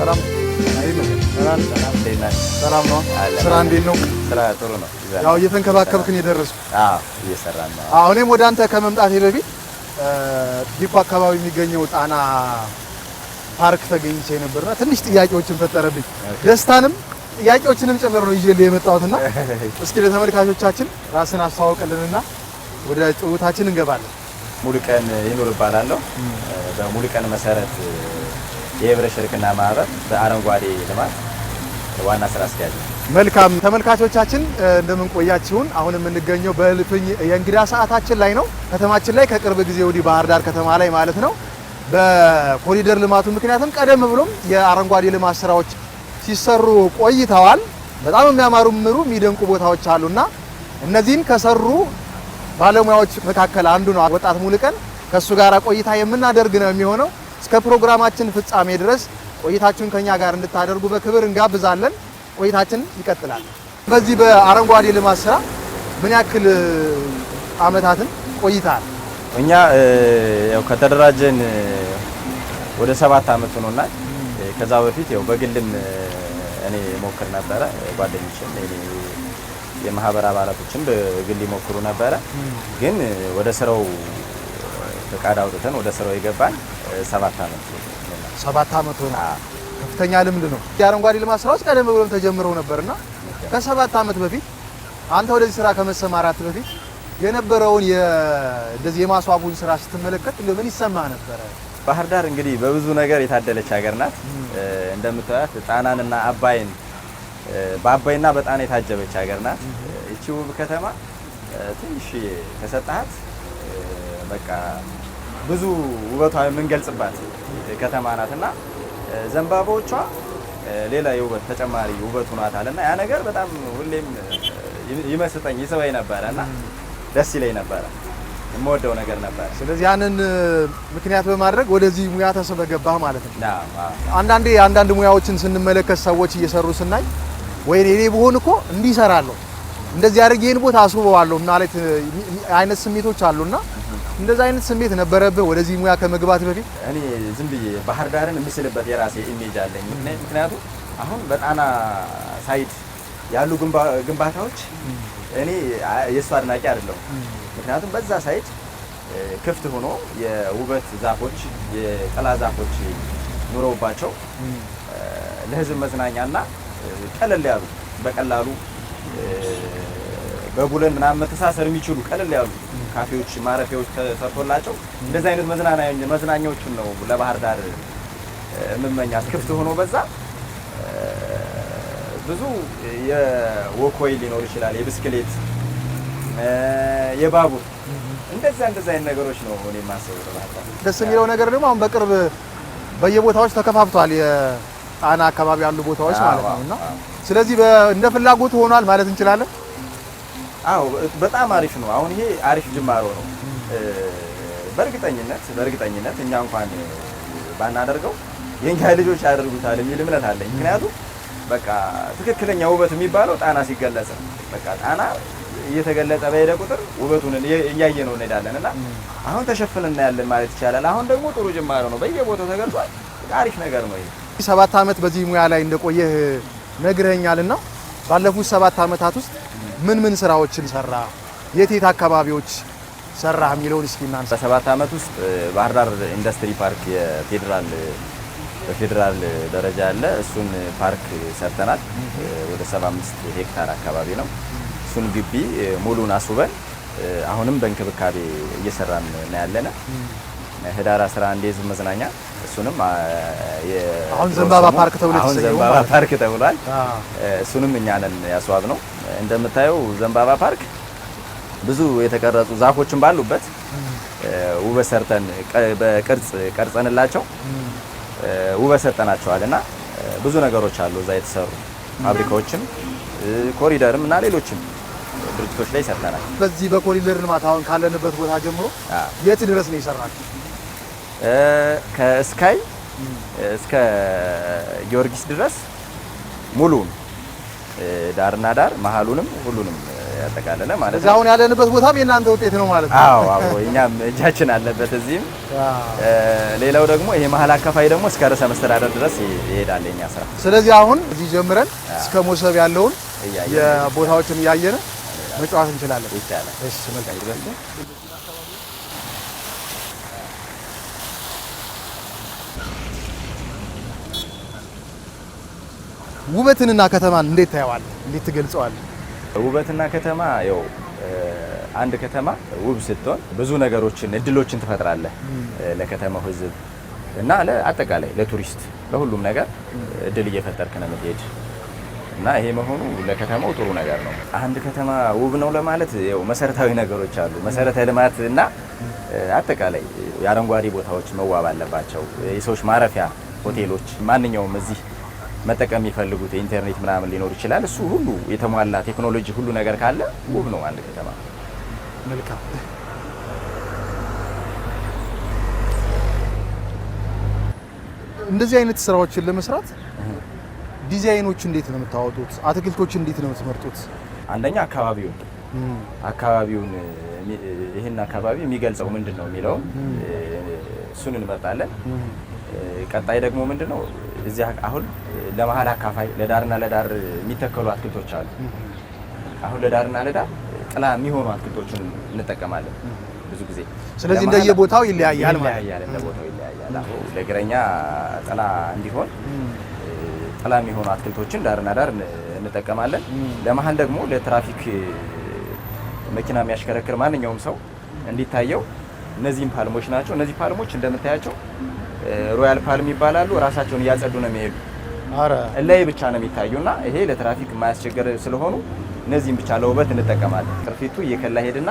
ሰላም ሰላም ነው። ስራ እንዴት ነው? ስራ ጥሩ ነው። ያው እየተንከባከብክን የደረስኩ እየሰራን ነው። እኔም ወደ አንተ ከመምጣቴ በፊት ዲኮ አካባቢ የሚገኘው ጣና ፓርክ ተገኝቼ ነበርና ትንሽ ጥያቄዎችን ፈጠረብኝ። ደስታንም ጥያቄዎችንም ጭምር ነው ይዤ የመጣሁትና እስኪ ለተመልካቾቻችን ራስን አስተዋውቅልንና ወደ ጭውታችን እንገባለን። ሙሉቀን ይኑር እባላለሁ። በሙሉቀን መሰረት የህብረሸርክና ሽርክና ማህበር በአረንጓዴ ልማት ዋና ስራ አስኪያጅ። መልካም ተመልካቾቻችን እንደምን ቆያችሁን? አሁን የምንገኘው በእልፍኝ የእንግዳ ሰዓታችን ላይ ነው። ከተማችን ላይ ከቅርብ ጊዜ ወዲህ ባህር ዳር ከተማ ላይ ማለት ነው በኮሪደር ልማቱ ምክንያትም ቀደም ብሎም የአረንጓዴ ልማት ስራዎች ሲሰሩ ቆይተዋል። በጣም የሚያማሩ ምሩ የሚደንቁ ቦታዎች አሉና እነዚህን ከሰሩ ባለሙያዎች መካከል አንዱ ነው ወጣት ሙሉቀን። ከእሱ ጋር ቆይታ የምናደርግ ነው የሚሆነው። እስከ ፕሮግራማችን ፍጻሜ ድረስ ቆይታችሁን ከኛ ጋር እንድታደርጉ በክብር እንጋብዛለን። ቆይታችን ይቀጥላል። በዚህ በአረንጓዴ ልማት ስራ ምን ያክል አመታትን ቆይታል? እኛ ያው ከተደራጀን ወደ ሰባት አመት ሆኖና ከዛ በፊት ያው በግልም እኔ ሞክር ነበረ፣ ጓደኞችም የማህበር አባላቶችም በግል ይሞክሩ ነበረ። ግን ወደ ስራው ፈቃድ አውጥተን ወደ ስራው የገባን ሰባት ዓመት ሰባት አመት ሆነ። ከፍተኛ ልምድ ነው። የአረንጓዴ ልማት ስራዎች ቀደም ብሎም ተጀምረው ነበርና ከሰባት አመት በፊት አንተ ወደዚህ ስራ ከመሰማራት በፊት የነበረውን እንደዚህ የማስዋቡን ስራ ስትመለከት ምን ይሰማ ነበረ? ባህር ዳር እንግዲህ በብዙ ነገር የታደለች ሀገር ናት። እንደምታዩት ጣናንና አባይን በአባይና በጣና የታጀበች ሀገር ናት። ይቺ ውብ ከተማ ትንሽ ከሰጣት። በቃ ብዙ ውበቷ የምንገልጽባት ከተማ ናት እና ዘንባባዎቿ ሌላ የውበት ተጨማሪ ውበቱ ናታል እና ያ ነገር በጣም ሁሌም ይመስጠኝ ይስበኝ ነበረ እና ደስ ይለኝ ነበረ የምወደው ነገር ነበር። ስለዚህ ያንን ምክንያት በማድረግ ወደዚህ ሙያ ተስበ ገባህ ማለት ነው። አንዳንዴ አንዳንድ ሙያዎችን ስንመለከት ሰዎች እየሰሩ ስናይ ወይ እኔ ብሆን እኮ እንዲህ እሰራለሁ እንደዚህ አድርጌ ይህን ቦታ አስውበዋለሁ ማለት አይነት ስሜቶች አሉና እንደዛ አይነት ስሜት ነበረብህ ወደዚህ ሙያ ከመግባት በፊት? እኔ ዝም ብዬ ባህር ዳርን የምስልበት የራሴ ኢሜጅ አለኝ። ምክንያቱም አሁን በጣና ሳይድ ያሉ ግንባታዎች እኔ የእሱ አድናቂ አይደለሁም። ምክንያቱም በዛ ሳይድ ክፍት ሆኖ የውበት ዛፎች፣ የጥላ ዛፎች ኑረውባቸው ለህዝብ መዝናኛና ቀለል ያሉ በቀላሉ በቡለን ምናምን መተሳሰር የሚችሉ ቀለል ያሉ ካፌዎች፣ ማረፊያዎች ተሰርቶላቸው እንደዚህ አይነት መዝናኛዎችን ነው ለባህር ዳር የምመኛት። ክፍት ሆኖ በዛ ብዙ የወኮይ ሊኖር ይችላል፣ የብስክሌት፣ የባቡር እንደዛ እንደዛ አይነት ነገሮች ነው እኔ የማስበው። ደስ የሚለው ነገር ደግሞ አሁን በቅርብ በየቦታዎች ተከፋፍቷል የጣና አካባቢ ያሉ ቦታዎች ማለት ነው እና ስለዚህ እንደ ፍላጎቱ ሆኗል ማለት እንችላለን። አዎ በጣም አሪፍ ነው። አሁን ይሄ አሪፍ ጅማሮ ነው። በእርግጠኝነት በእርግጠኝነት እኛ እንኳን ባናደርገው የእኛ ልጆች ያደርጉታል የሚል እምነት አለኝ። ምክንያቱም በቃ ትክክለኛ ውበት የሚባለው ጣና ሲገለጽ ነው። በቃ ጣና እየተገለጠ በሄደ ቁጥር ውበቱን እያየ ነው እንሄዳለን እና አሁን ተሸፍንና ያለን ማለት ይቻላል። አሁን ደግሞ ጥሩ ጅማሮ ነው። በየቦታው ተገልጿል። አሪፍ ነገር ነው። ይሄ ሰባት ዓመት በዚህ ሙያ ላይ እንደቆየህ ነግረኛልና ባለፉት ሰባት ዓመታት ውስጥ ምን ምን ስራዎችን ሰራ፣ የት የት አካባቢዎች ሰራ የሚለውን እስኪ እናንሳ። በሰባት ዓመት ውስጥ ባህር ዳር ኢንዱስትሪ ፓርክ የፌዴራል በፌዴራል ደረጃ ያለ እሱን ፓርክ ሰርተናል። ወደ 75 ሄክታር አካባቢ ነው። እሱን ግቢ ሙሉን አስውበን አሁንም በእንክብካቤ እየሰራን ነው ያለነ። ህዳር 11 የህዝብ መዝናኛ እሱንም አሁን ዘንባባ ፓርክ ተብሎ አሁን ዘንባባ ፓርክ ተብሏል። እሱንም እኛንን ያስዋብ ነው። እንደምታየው ዘንባባ ፓርክ ብዙ የተቀረጹ ዛፎችን ባሉበት ውበት ሰርተን በቅርጽ ቀርጸንላቸው ውበት ሰጠናቸዋል እና ብዙ ነገሮች አሉ እዛ የተሰሩ ፋብሪካዎችም ኮሪደርም እና ሌሎችም ድርጅቶች ላይ ሰርተናል። በዚህ በኮሪደር ልማት አሁን ካለንበት ቦታ ጀምሮ የት ድረስ ነው የሰራችሁ? ከእስካይ እስከ ጊዮርጊስ ድረስ ሙሉ ዳርና ዳር መሀሉንም ሁሉንም ያጠቃለለ ማለት ነው። አሁን ያለንበት ቦታም የእናንተ ውጤት ነው ማለት ነው። አዎ አዎ፣ እኛም እጃችን አለበት እዚህም። ሌላው ደግሞ ይሄ መሀል አካፋይ ደግሞ እስከ ርዕሰ መስተዳደር ድረስ ይሄዳል የኛ ስራ። ስለዚህ አሁን እዚህ ጀምረን እስከ ሞሰብ ያለውን የቦታዎችን እያየን መጫወት እንችላለን። ይቻላል። እሺ መልካም ውበትንና ከተማን እንዴት ታየዋል? እንዴት ትገልጸዋል? ውበትና ከተማ ያው አንድ ከተማ ውብ ስትሆን ብዙ ነገሮችን እድሎችን ትፈጥራለህ ለከተማው ህዝብ እና አጠቃላይ ለቱሪስት ለሁሉም ነገር እድል እየፈጠርክ ነው የምትሄድ እና ይሄ መሆኑ ለከተማው ጥሩ ነገር ነው። አንድ ከተማ ውብ ነው ለማለት ያው መሰረታዊ ነገሮች አሉ። መሰረተ ልማት እና አጠቃላይ የአረንጓዴ ቦታዎች መዋብ አለባቸው። የሰዎች ማረፊያ ሆቴሎች፣ ማንኛውም እዚህ መጠቀም የሚፈልጉት የኢንተርኔት ምናምን ሊኖር ይችላል። እሱ ሁሉ የተሟላ ቴክኖሎጂ ሁሉ ነገር ካለ ውብ ነው አንድ ከተማ። መልካም እንደዚህ አይነት ስራዎችን ለመስራት ዲዛይኖች እንዴት ነው የምታወጡት? አትክልቶች እንዴት ነው የምትመርጡት? አንደኛ አካባቢውን አካባቢውን ይህን አካባቢ የሚገልጸው ምንድን ነው የሚለውም እሱን እንመርጣለን። ቀጣይ ደግሞ ምንድን ነው እዚህ አሁን ለመሀል አካፋይ ለዳርና ለዳር የሚተከሉ አትክልቶች አሉ። አሁን ለዳርና ለዳር ጥላ የሚሆኑ አትክልቶችን እንጠቀማለን ብዙ ጊዜ። ስለዚህ እንደየቦታው ይለያያል ማለት ነው። ይለያያል። አሁን ለእግረኛ ጥላ እንዲሆን ጥላ የሚሆኑ አትክልቶችን ዳርና ዳር እንጠቀማለን። ለመሀል ደግሞ ለትራፊክ መኪና የሚያሽከረክር ማንኛውም ሰው እንዲታየው እነዚህም ፓልሞች ናቸው። እነዚህ ፓልሞች እንደምታያቸው ሮያል ፓልም ይባላሉ። ራሳቸውን እያጸዱ ነው የሚሄዱ ላይ ብቻ ነው የሚታዩና ይሄ ለትራፊክ የማያስቸገር ስለሆኑ እነዚህም ብቻ ለውበት እንጠቀማለን። ቅርፊቱ እየከላ ሄድና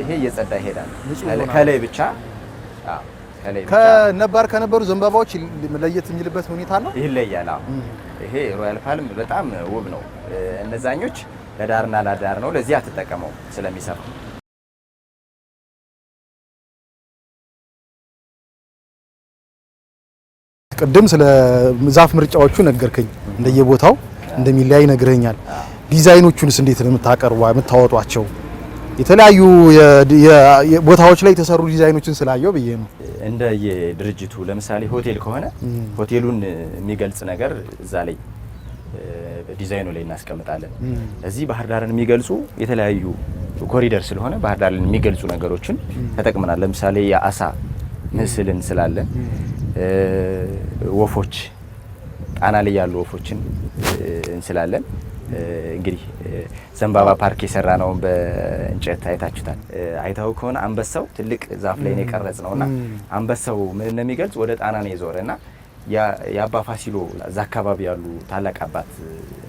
ይሄ እየጸዳ ይሄዳል። ከላይ ብቻ ከነባር ከነበሩ ዘንባባዎች ለየት የሚልበት ሁኔታ ነው። ይለያል። ይሄ ሮያል ፓልም በጣም ውብ ነው። እነዛኞች ለዳርና ለዳር ነው። ለዚህ አትጠቀመው ስለሚሰራ ቅድም ስለ ዛፍ ምርጫዎቹ ነገርከኝ፣ እንደየቦታው እንደሚለያይ ነግረኛል። ዲዛይኖቹንስ እንዴት ነው የምታቀርቧ የምታወጧቸው? የተለያዩ ቦታዎች ላይ የተሰሩ ዲዛይኖችን ስላየው ብዬ ነው። እንደ የድርጅቱ ለምሳሌ ሆቴል ከሆነ ሆቴሉን የሚገልጽ ነገር እዛ ላይ ዲዛይኑ ላይ እናስቀምጣለን። እዚህ ባህር ዳርን የሚገልጹ የተለያዩ ኮሪደር ስለሆነ ባህር ዳርን የሚገልጹ ነገሮችን ተጠቅመናል። ለምሳሌ የአሳ ምስል እንስላለን። ወፎች ጣና ላይ ያሉ ወፎችን እንስላለን። እንግዲህ ዘንባባ ፓርክ የሰራ ነው በእንጨት አይታችሁታል። አይታው ከሆነ አንበሳው ትልቅ ዛፍ ላይ ነው የቀረጽ ነው እና አንበሳው ምን እንደሚገልጽ ወደ ጣና ነው የዞረ እና የአባ ፋሲሎ እዛ አካባቢ ያሉ ታላቅ አባት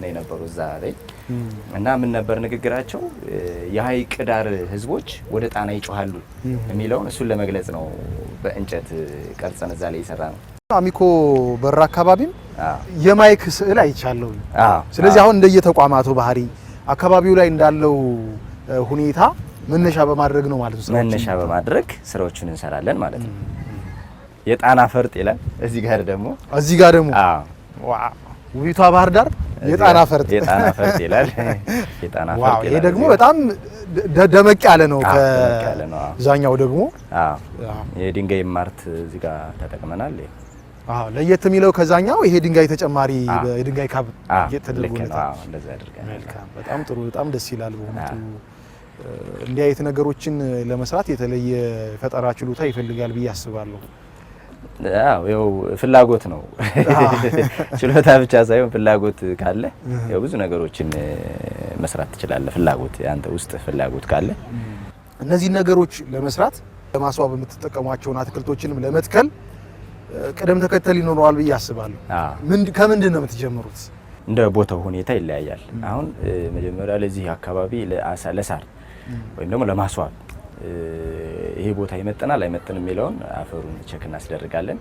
ነው የነበሩ እዛ ላይ እና ምን ነበር ንግግራቸው? የሀይቅ ዳር ህዝቦች ወደ ጣና ይጮሃሉ የሚለውን እሱን ለመግለጽ ነው በእንጨት ቀርጸን እዛ ላይ የሰራ ነው። አሚኮ በር አካባቢም የማይክ ስዕል አይቻለሁ። ስለዚህ አሁን እንደየተቋማቱ ባህሪ አካባቢው ላይ እንዳለው ሁኔታ መነሻ በማድረግ ነው ማለት ነው። መነሻ በማድረግ ስራዎችን እንሰራለን ማለት ነው። የጣና ፈርጥ ይላል። እዚህ ጋር ደግሞ እዚህ ጋር ደግሞ ውቢቷ ባህር ዳር የጣና ፈርጥ የጣና ፈርጥ ይላል። የጣና ፈርጥ ይሄ ደግሞ በጣም ደመቅ ያለ ነው ከዛኛው ደግሞ። አዎ የድንጋይ ማርት እዚህ ጋር ተጠቅመናል። አዎ ለየት የሚለው ከዛኛው ይሄ ድንጋይ ተጨማሪ የድንጋይ ካብ ተደርጎ ነው። አዎ እንደዛ ያደርጋል። መልካም በጣም ጥሩ በጣም ደስ ይላል በእውነቱ። እንዲህ አይነት ነገሮችን ለመስራት የተለየ ፈጠራ ችሎታ ይፈልጋል ብዬ አስባለሁ። ያው ፍላጎት ነው። ችሎታ ብቻ ሳይሆን ፍላጎት ካለ ያው ብዙ ነገሮችን መስራት ትችላለህ። ፍላጎት አንተ ውስጥ ፍላጎት ካለ እነዚህ ነገሮች ለመስራት ለማስዋብ የምትጠቀሟቸውን አትክልቶችንም ለመትከል ቅደም ተከተል ይኖረዋል ብዬ አስባለሁ። ከምንድን ነው የምትጀምሩት? እንደ ቦታው ሁኔታ ይለያያል። አሁን መጀመሪያ ለዚህ አካባቢ ለሳር ወይም ደግሞ ለማስዋብ ይሄ ቦታ ይመጠናል አይመጥንም የሚለውን አፈሩን ቸክ እናስደርጋለን።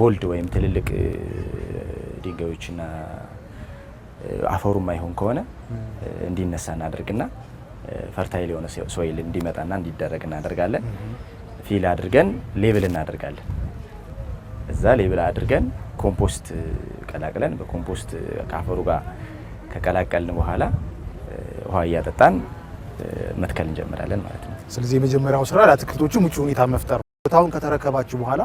ቦልድ ወይም ትልልቅ ድንጋዮችና አፈሩ ማይሆን ከሆነ እንዲነሳ እናደርግና ፈርታይል የሆነ ሶይል እንዲመጣና እንዲደረግ እናደርጋለን። ፊል አድርገን ሌብል እናደርጋለን። እዛ ሌብል አድርገን ኮምፖስት ቀላቅለን በኮምፖስት ከአፈሩ ጋር ከቀላቀልን በኋላ ውሃ እያጠጣን መትከል እንጀምራለን ማለት ነው። ስለዚህ የመጀመሪያው ስራ ለአትክልቶቹ ምቹ ሁኔታ መፍጠር ነው። ቦታውን ከተረከባችሁ በኋላ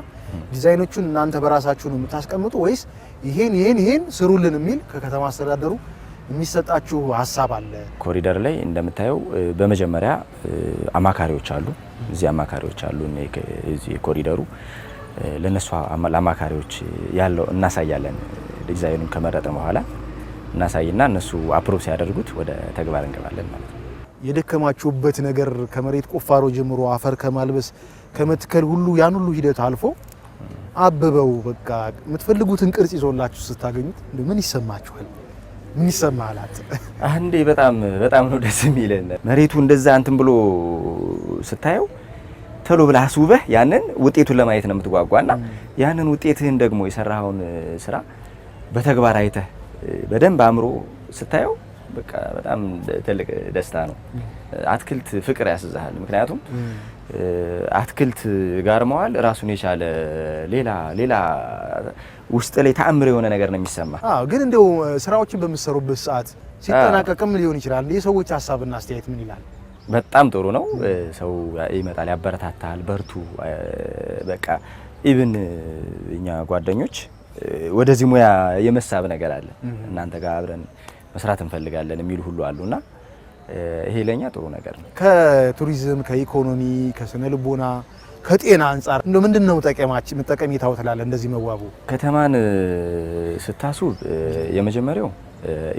ዲዛይኖቹን እናንተ በራሳችሁ ነው የምታስቀምጡ ወይስ ይሄን ይሄን ይሄን ስሩልን የሚል ከከተማ አስተዳደሩ የሚሰጣችሁ ሀሳብ አለ? ኮሪደር ላይ እንደምታየው በመጀመሪያ አማካሪዎች አሉ። እዚህ አማካሪዎች አሉ። እዚህ ኮሪደሩ ለነሱ ለአማካሪዎች ያለው እናሳያለን። ዲዛይኑን ከመረጠ በኋላ እናሳይና እነሱ አፕሮቭ ሲያደርጉት ወደ ተግባር እንገባለን ማለት ነው። የደከማችሁበት ነገር ከመሬት ቁፋሮ ጀምሮ አፈር ከማልበስ ከመትከል ሁሉ ያን ሁሉ ሂደት አልፎ አብበው በቃ የምትፈልጉትን ቅርጽ ይዞላችሁ ስታገኙት ምን ይሰማችኋል? ምን ይሰማሃል አንዴ በጣም በጣም ነው ደስ የሚለን መሬቱ እንደዛ እንትን ብሎ ስታየው ተሎ ብለህ አስውበህ ያንን ውጤቱን ለማየት ነው የምትጓጓና ያንን ውጤትህን ደግሞ የሰራኸውን ስራ በተግባር አይተህ በደንብ አእምሮ ስታየው በቃ በጣም ትልቅ ደስታ ነው። አትክልት ፍቅር ያስዛሃል። ምክንያቱም አትክልት ጋር መዋል ራሱን የቻለ ሌላ ሌላ ውስጥ ላይ ተአምር የሆነ ነገር ነው የሚሰማ። ግን እንደው ስራዎችን በምትሰሩበት ሰዓት ሲጠናቀቅም ሊሆን ይችላል የሰዎች ሀሳብና አስተያየት ምን ይላል? በጣም ጥሩ ነው። ሰው ይመጣል፣ ያበረታታል። በርቱ በቃ ኢብን እኛ ጓደኞች ወደዚህ ሙያ የመሳብ ነገር አለ እናንተ ጋር አብረን መስራት እንፈልጋለን የሚሉ ሁሉ አሉና ይሄ ለኛ ጥሩ ነገር ነው። ከቱሪዝም ከኢኮኖሚ፣ ከስነ ልቦና፣ ከጤና አንጻር እንደ ምንድን ነው ጠቀማችን ጠቀሜታው ትላለህ? እንደዚህ መዋቡ ከተማን ስታሱ የመጀመሪያው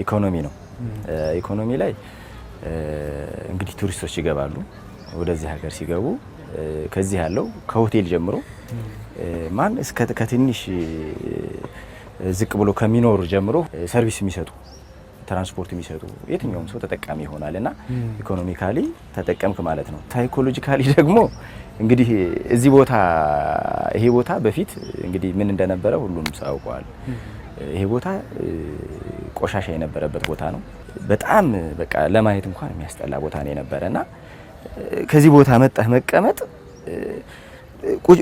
ኢኮኖሚ ነው። ኢኮኖሚ ላይ እንግዲህ ቱሪስቶች ይገባሉ። ወደዚህ ሀገር ሲገቡ ከዚህ ያለው ከሆቴል ጀምሮ ማን እስከ ከትንሽ ዝቅ ብሎ ከሚኖሩ ጀምሮ ሰርቪስ የሚሰጡ ትራንስፖርት የሚሰጡ የትኛውም ሰው ተጠቃሚ ይሆናል እና ኢኮኖሚካሊ ተጠቀምክ ማለት ነው። ሳይኮሎጂካሊ ደግሞ እንግዲህ እዚህ ቦታ ይሄ ቦታ በፊት እንግዲህ ምን እንደነበረ ሁሉም ሰው ያውቀዋል። ይሄ ቦታ ቆሻሻ የነበረበት ቦታ ነው። በጣም በቃ ለማየት እንኳን የሚያስጠላ ቦታ ነው የነበረ እና ከዚህ ቦታ መጣህ መቀመጥ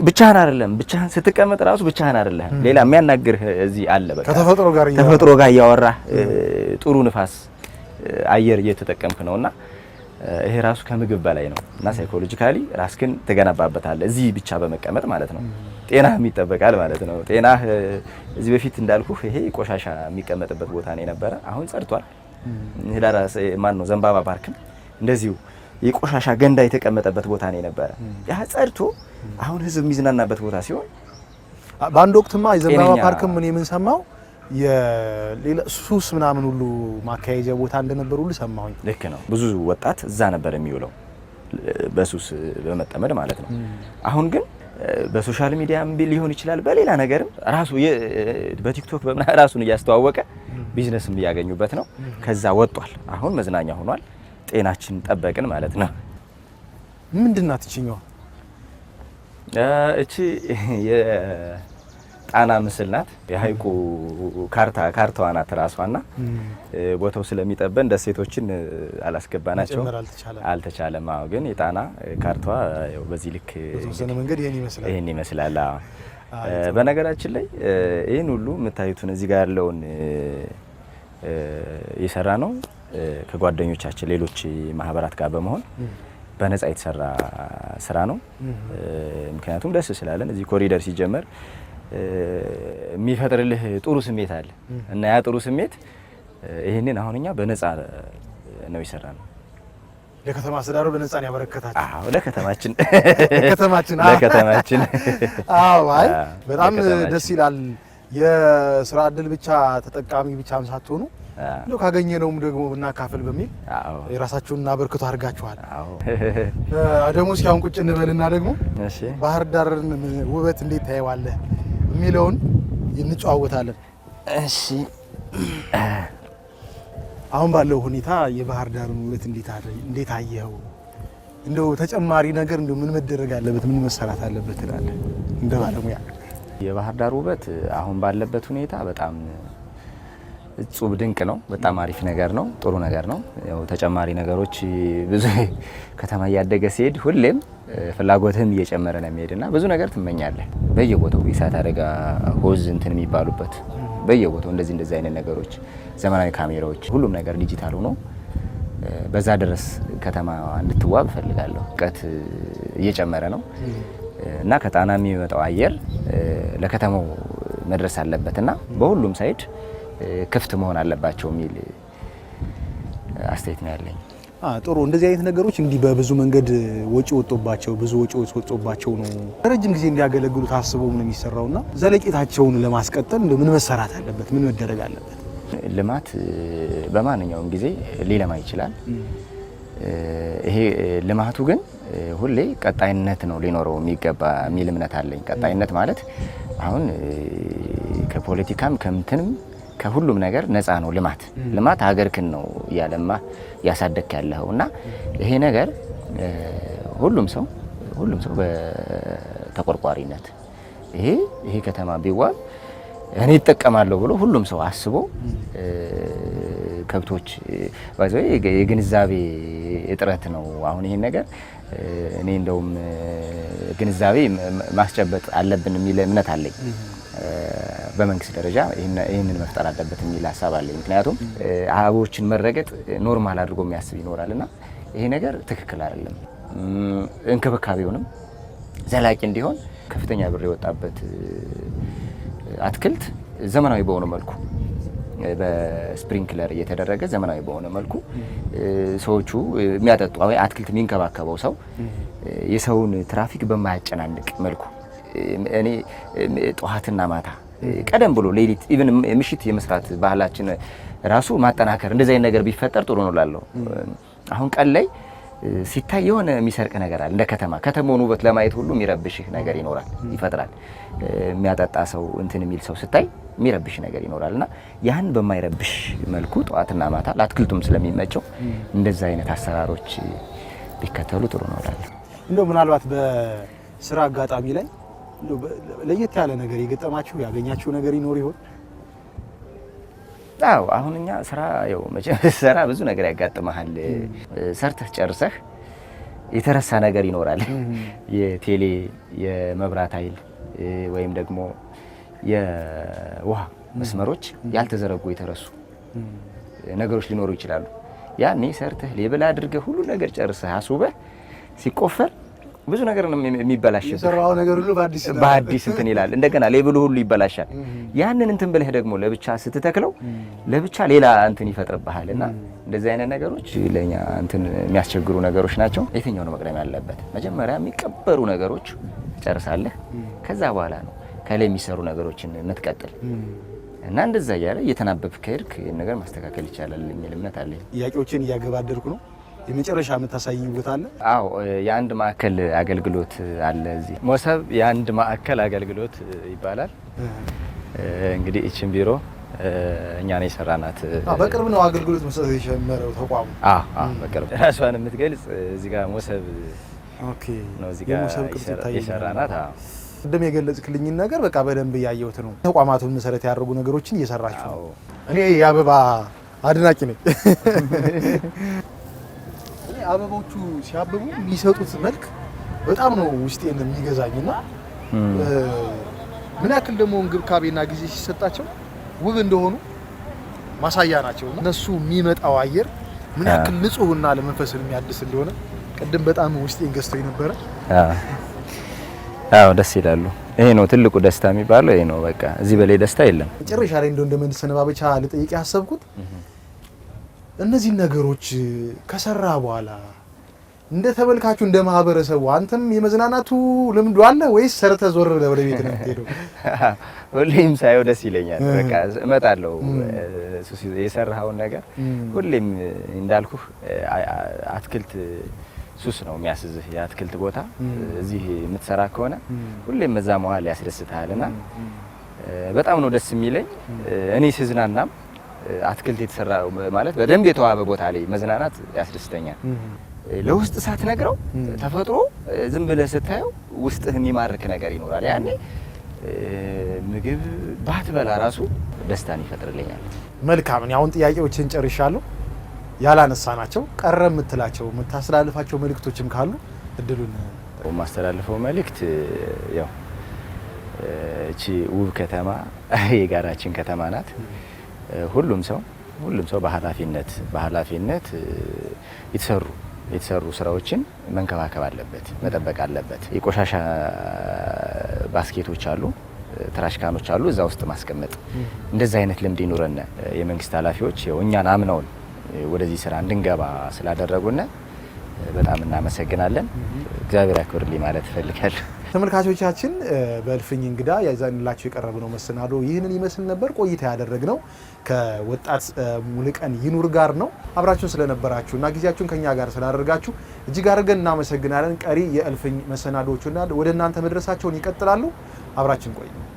ብቻህን አይደለም። ብቻህን ስትቀመጥ ራሱ ብቻህን አይደለም፣ ሌላ የሚያናግርህ እዚህ አለ። በቃ ጋር እያወራህ ጥሩ ንፋስ አየር እየተጠቀምክ ነውና ይሄ ራሱ ከምግብ በላይ ነው እና ሳይኮሎጂካሊ ራስክን ትገነባበታለ እዚህ ብቻ በመቀመጥ ማለት ነው ጤናህም ይጠበቃል ማለት ነው። ጤናህ እዚህ በፊት እንዳልኩ ይሄ ቆሻሻ የሚቀመጥበት ቦታ ነው የነበረ፣ አሁን ጸድቷል። ማን ነው ዘንባባ ፓርክም እንደዚሁ የቆሻሻ ገንዳ የተቀመጠበት ቦታ ነው የነበረ፣ ያ ጸድቶ አሁን ህዝብ የሚዝናናበት ቦታ ሲሆን በአንድ ወቅትማ የዘንባባ ፓርክም ምን የምንሰማው ሱስ ምናምን ሁሉ ማካሄጃ ቦታ እንደነበር ሁሉ ሰማሁኝ። ልክ ነው። ብዙ ወጣት እዛ ነበር የሚውለው በሱስ በመጠመድ ማለት ነው። አሁን ግን በሶሻል ሚዲያም ሊሆን ይችላል፣ በሌላ ነገርም ራሱ በቲክቶክ በምና ራሱን እያስተዋወቀ ቢዝነስም እያገኙበት ነው። ከዛ ወጧል። አሁን መዝናኛ ሆኗል። ጤናችን ጠበቅን ማለት ነው። ምንድን ናት እችኛዋ? እቺ ጣና ምስል ናት። የሀይቁ ካርታ ካርታዋ ናት ራሷና ቦታው ስለሚጠበን ደሴቶችን ናቸው አልተቻለም። አዎ ግን የጣና ካርታዋ በዚህ ልክ መንገድ ይህን ይመስላል። በነገራችን ላይ ይህን ሁሉ የምታዩትን እዚህ ጋር ያለውን የሰራ ነው ከጓደኞቻችን ሌሎች ማህበራት ጋር በመሆን በነጻ የተሰራ ስራ ነው። ምክንያቱም ደስ ስላለን እዚህ ኮሪደር ሲጀመር የሚፈጥርልህ ጥሩ ስሜት አለ እና ያ ጥሩ ስሜት ይህንን አሁን እኛ ነው የሰራ ነው። ለከተማ አስተዳደሩ በነፃ ነው ያበረከታችሁ? አዎ፣ ለከተማችን ለከተማችን ለከተማችን። አዎ፣ አይ በጣም ደስ ይላል። የስራ እድል ብቻ ተጠቃሚ ብቻም ሳትሆኑ እንደው ነውም ደግሞ ብናካፍል በሚል የራሳችሁን አበርክቶ አድርጋችኋል። ደግሞ እስኪ አሁን ቁጭ እንበልና ደግሞ ባህር ዳርን ውበት እንዴት ታየዋለህ? የሚለውን እንጨዋወታለን። እሺ አሁን ባለው ሁኔታ የባህር ዳርን ውበት እንዴት አየኸው? እንደው ተጨማሪ ነገር እንደው ምን መደረግ አለበት፣ ምን መሰራት አለበት ትላለህ እንደ ባለሙያ? የባህር ዳር ውበት አሁን ባለበት ሁኔታ በጣም እጹብ ድንቅ ነው። በጣም አሪፍ ነገር ነው። ጥሩ ነገር ነው። ያው ተጨማሪ ነገሮች ብዙ ከተማ እያደገ ሲሄድ ሁሌም ፍላጎትህም እየጨመረ ነው የሚሄድና ብዙ ነገር ትመኛለህ። በየቦታው የእሳት አደጋ ሆዝ እንትን የሚባሉበት በየቦታው እንደዚህ እንደዚህ አይነት ነገሮች፣ ዘመናዊ ካሜራዎች፣ ሁሉም ነገር ዲጂታል ሆኖ በዛ ድረስ ከተማ እንድትዋብ እፈልጋለሁ። ቀት እየጨመረ ነው እና ከጣና የሚመጣው አየር ለከተማው መድረስ አለበት እና በሁሉም ሳይድ ክፍት መሆን አለባቸው የሚል አስተያየት ነው ያለኝ። ጥሩ። እንደዚህ አይነት ነገሮች እንዲህ በብዙ መንገድ ወጪ ወጥቶባቸው ብዙ ወጪዎች ወጦባቸው ነው ረጅም ጊዜ እንዲያገለግሉ ታስበው ነው የሚሰራውና ዘለቄታቸውን ለማስቀጠል ምን መሰራት አለበት? ምን መደረግ አለበት? ልማት በማንኛውም ጊዜ ሊለማ ይችላል። ይሄ ልማቱ ግን ሁሌ ቀጣይነት ነው ሊኖረው የሚገባ የሚል እምነት አለኝ። ቀጣይነት ማለት አሁን ከፖለቲካም ከምትንም ከሁሉም ነገር ነፃ ነው። ልማት ልማት ሀገር ክን ነው እያለማ እያሳደግ ያለኸው እና ይሄ ነገር ሁሉም ሰው ሁሉም ሰው በተቆርቋሪነት ይሄ ይሄ ከተማ ቢዋል እኔ ይጠቀማለሁ ብሎ ሁሉም ሰው አስቦ ከብቶች ባይዘው የግንዛቤ እጥረት ነው። አሁን ይሄን ነገር እኔ እንደውም ግንዛቤ ማስጨበጥ አለብን የሚል እምነት አለኝ። በመንግስት ደረጃ ይህንን መፍጠር አለበት የሚል ሀሳብ አለኝ። ምክንያቱም አበቦችን መረገጥ ኖርማል አድርጎ የሚያስብ ይኖራል እና ይሄ ነገር ትክክል አይደለም። እንክብካቤውንም ዘላቂ እንዲሆን ከፍተኛ ብር የወጣበት አትክልት ዘመናዊ በሆነ መልኩ በስፕሪንክለር እየተደረገ ዘመናዊ በሆነ መልኩ ሰዎቹ የሚያጠጡ አትክልት የሚንከባከበው ሰው የሰውን ትራፊክ በማያጨናንቅ መልኩ እኔ ጠዋትና ማታ ቀደም ብሎ ሌሊት ኢቭን ምሽት የመስራት ባህላችን ራሱ ማጠናከር እንደዚህ አይነት ነገር ቢፈጠር ጥሩ ነው እላለሁ። አሁን ቀን ላይ ሲታይ የሆነ የሚሰርቅ ነገር አለ። እንደ ከተማ ከተማውን ውበት ለማየት ሁሉ የሚረብሽህ ነገር ይኖራል ይፈጥራል። የሚያጠጣ ሰው እንትን የሚል ሰው ስታይ የሚረብሽ ነገር ይኖራል እና ያህን በማይረብሽ መልኩ ጠዋትና ማታ ለአትክልቱም ስለሚመቸው እንደዛ አይነት አሰራሮች ቢከተሉ ጥሩ ነው እላለሁ። እንደው ምናልባት በስራ አጋጣሚ ላይ ለየት ያለ ነገር የገጠማችሁ ያገኛችሁ ነገር ይኖር ይሆን? አዎ አሁን እኛ ስራ ያው መቼም ስራ ብዙ ነገር ያጋጥመሃል። ሰርተህ ጨርሰህ የተረሳ ነገር ይኖራል። የቴሌ የመብራት ኃይል ወይም ደግሞ የውሃ መስመሮች ያልተዘረጉ የተረሱ ነገሮች ሊኖሩ ይችላሉ። ያኔ ሰርተህ ሌብል አድርገህ ሁሉ ነገር ጨርሰህ አስውበህ ሲቆፈር ብዙ ነገር ነው የሚበላሽ። የሰራው ነገር ሁሉ በአዲስ በአዲስ እንትን ይላል። እንደገና ሌብሉ ሁሉ ይበላሻል። ያንን እንትን ብለህ ደግሞ ለብቻ ስትተክለው ለብቻ ሌላ እንትን ይፈጥርብሃል። እና እንደዚህ አይነት ነገሮች ለኛ እንትን የሚያስቸግሩ ነገሮች ናቸው። የትኛው ነው መቅደም ያለበት? መጀመሪያ የሚቀበሩ ነገሮች ጨርሳለህ። ከዛ በኋላ ነው ከላይ የሚሰሩ ነገሮችን የምትቀጥል እና እንደዛ እያለ እየተናበብ ከሄድክ ነገር ማስተካከል ይቻላል የሚል እምነት አለኝ። ጥያቄዎችን እያገባደድኩ ነው የመጨረሻ የምታሳይ ቦታ አለ? አዎ፣ የአንድ ማዕከል አገልግሎት አለ እዚህ። ሞሰብ የአንድ ማዕከል አገልግሎት ይባላል። እንግዲህ ይችን ቢሮ እኛ ነው የሰራናት። በቅርብ ነው አገልግሎት መስጠት የጀመረው ተቋሙ። በቅርብ ራሷን የምትገልጽ እዚህ ጋር ሞሰብ ነው እዚህ ጋር የሰራናት። ቅድም የገለጽክልኝን ነገር በቃ በደንብ እያየሁት ነው። ተቋማቱን መሰረት ያደርጉ ነገሮችን እየሰራችሁ ነው። እኔ የአበባ አድናቂ ነኝ። አበቦቹ ሲያብቡ የሚሰጡት መልክ በጣም ነው ውስጤን የሚገዛኝና ምን ያክል ደግሞ እንክብካቤና ጊዜ ሲሰጣቸው ውብ እንደሆኑ ማሳያ ናቸው። እነሱ የሚመጣው አየር ምን ያክል ንጹህና ለመንፈስን የሚያድስ እንደሆነ ቅድም በጣም ውስጤን ገዝቶኝ ነበረ። አዎ ደስ ይላሉ። ይሄ ነው ትልቁ ደስታ የሚባለው ይሄ ነው። በቃ እዚህ በላይ ደስታ የለም። መጨረሻ ላይ እንደው እንደመሰነባበቻ ልጠይቅ ያሰብኩት እነዚህ ነገሮች ከሰራ በኋላ እንደ ተመልካቹ እንደ ማህበረሰቡ አንተም የመዝናናቱ ልምዱ አለ ወይስ ሰርተ ዞር ወደ ቤት ነው የምትሄደው? ሁሌም ሳየው ደስ ይለኛል። በቃ እመጣለሁ። የሰራኸውን ነገር ሁሌም እንዳልኩህ አትክልት ሱስ ነው የሚያስዝህ። የአትክልት ቦታ እዚህ የምትሰራ ከሆነ ሁሌም እዛ መዋል ያስደስትሃልና በጣም ነው ደስ የሚለኝ እኔ ስዝናናም አትክልት የተሰራ ማለት በደንብ የተዋበ ቦታ ላይ መዝናናት ያስደስተኛል። ለውስጥ ሳትነግረው ተፈጥሮ ዝም ብለህ ስታየው ውስጥህ የሚማርክ ነገር ይኖራል። ያኔ ምግብ ባትበላ ራሱ ደስታን ይፈጥርልኛል። መልካም። እኔ አሁን ጥያቄዎችን ጨርሻለሁ። ያላነሳ ናቸው ቀረ የምትላቸው የምታስተላልፋቸው መልእክቶችም ካሉ እድሉን። የማስተላልፈው መልእክት ያው እቺ ውብ ከተማ የጋራችን ከተማ ናት። ሁሉም ሰው ሁሉም ሰው በኃላፊነት በኃላፊነት የተሰሩ የተሰሩ ስራዎችን መንከባከብ አለበት፣ መጠበቅ አለበት። የቆሻሻ ባስኬቶች አሉ፣ ትራሽካኖች አሉ፣ እዛ ውስጥ ማስቀመጥ እንደዚህ አይነት ልምድ ይኑረን። የመንግስት ኃላፊዎች እኛን አምነውን ወደዚህ ስራ እንድንገባ ስላደረጉን በጣም እናመሰግናለን። እግዚአብሔር ያክብርልኝ ማለት እፈልጋለሁ። ተመልካቾቻችን በእልፍኝ እንግዳ ያዛንላችሁ ነው መሰናዶ ይህንን ይመስል ነበር። ቆይታ ያደረግ ነው ከወጣት ሙልቀን ይኑር ጋር ነው። አብራችሁን ስለነበራችሁ እና ጊዜያችሁን ከኛ ጋር ስላደርጋችሁ እጅግ አድርገን እናመሰግናለን። ቀሪ የእልፍኝ መሰናዶዎቹና ወደ እናንተ መድረሳቸውን ይቀጥላሉ። አብራችን ቆይ